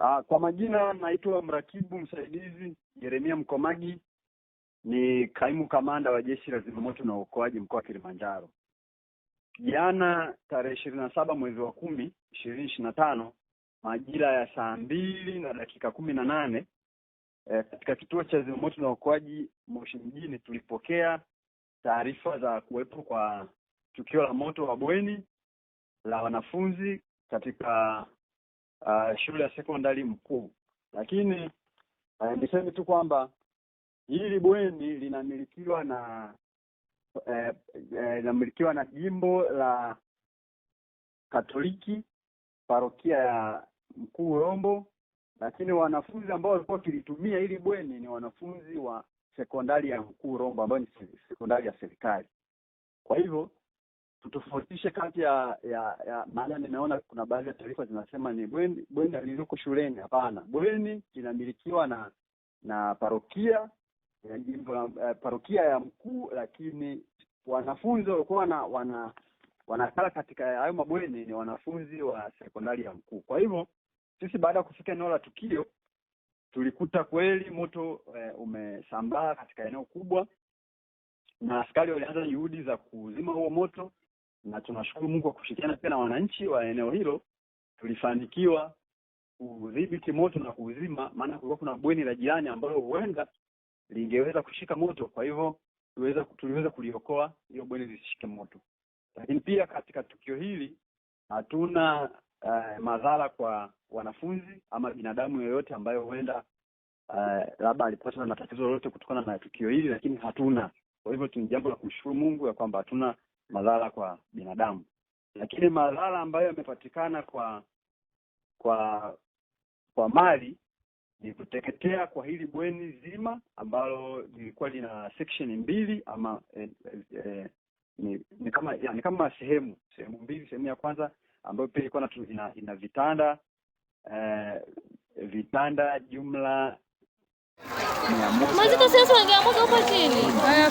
Aa, ah, kwa majina naitwa mratibu msaidizi Yeremia Mkomagi, ni kaimu kamanda wa jeshi la zimamoto na uokoaji mkoa wa Kilimanjaro. Jana tarehe ishirini na saba mwezi wa kumi ishirini ishirini na tano majira ya saa mbili na dakika kumi na nane e, katika kituo cha zimamoto na uokoaji Moshi mjini tulipokea taarifa za kuwepo kwa tukio la moto wa bweni la wanafunzi katika uh, shule ya sekondari Mkuu. Lakini uh, niseme tu kwamba hili bweni linamilikiwa na eh, eh, linamilikiwa na jimbo la Katoliki parokia ya Mkuu Rombo, lakini wanafunzi ambao walikuwa wakilitumia hili bweni ni wanafunzi wa sekondari ya Mkuu Rombo ambayo ni sekondari ya serikali. Kwa hivyo tutofautishe kati ya ya, ya maana nimeona kuna baadhi ya taarifa zinasema ni bweni bweni aliloko shuleni. Hapana, bweni linamilikiwa na na parokia ya jimbo la uh, parokia ya mkuu, lakini wanafunzi walikuwa wana, wana wanakala katika hayo mabweni ni wanafunzi wa sekondari ya mkuu. Kwa hivyo sisi baada ya kufika eneo la tukio tulikuta kweli moto eh, umesambaa katika eneo kubwa, na askari walianza juhudi za kuzima huo moto na tunashukuru Mungu kwa kushirikiana pia na wananchi wa eneo hilo tulifanikiwa kudhibiti moto na kuuzima, maana kulikuwa kuna bweni la jirani ambalo huenda lingeweza kushika moto. Kwa hivyo tuliweza tuliweza kuliokoa hiyo bweni lisishike moto, lakini pia katika tukio hili hatuna uh, madhara kwa wanafunzi ama binadamu yoyote ambayo huenda uh, labda alipata na tatizo lolote kutokana na tukio hili, lakini hatuna. Kwa hivyo ni jambo la kumshukuru Mungu ya kwamba hatuna madhara kwa binadamu, lakini madhara ambayo yamepatikana kwa kwa kwa mali ni kuteketea kwa hili bweni zima ambalo lilikuwa lina section mbili ama eh, eh, eh ni, ni kama ya, ni kama sehemu sehemu mbili. Sehemu ya kwanza ambayo pia ilikuwa ina, ina vitanda eh, vitanda jumla mia moja. Sasa wangeamka huko chini. Haya,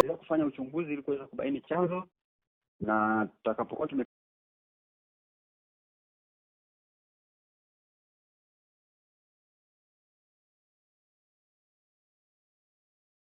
tutafanya uchunguzi ili kuweza kubaini chanzo na tutakapokuwa tume